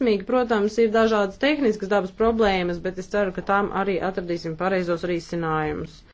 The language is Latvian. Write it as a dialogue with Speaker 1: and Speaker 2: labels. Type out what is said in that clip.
Speaker 1: veiksmīgi. Protams, ir dažādas tehniskas dabas problēmas, bet es ceru, ka tām arī atradīsim pareizos risinājumus.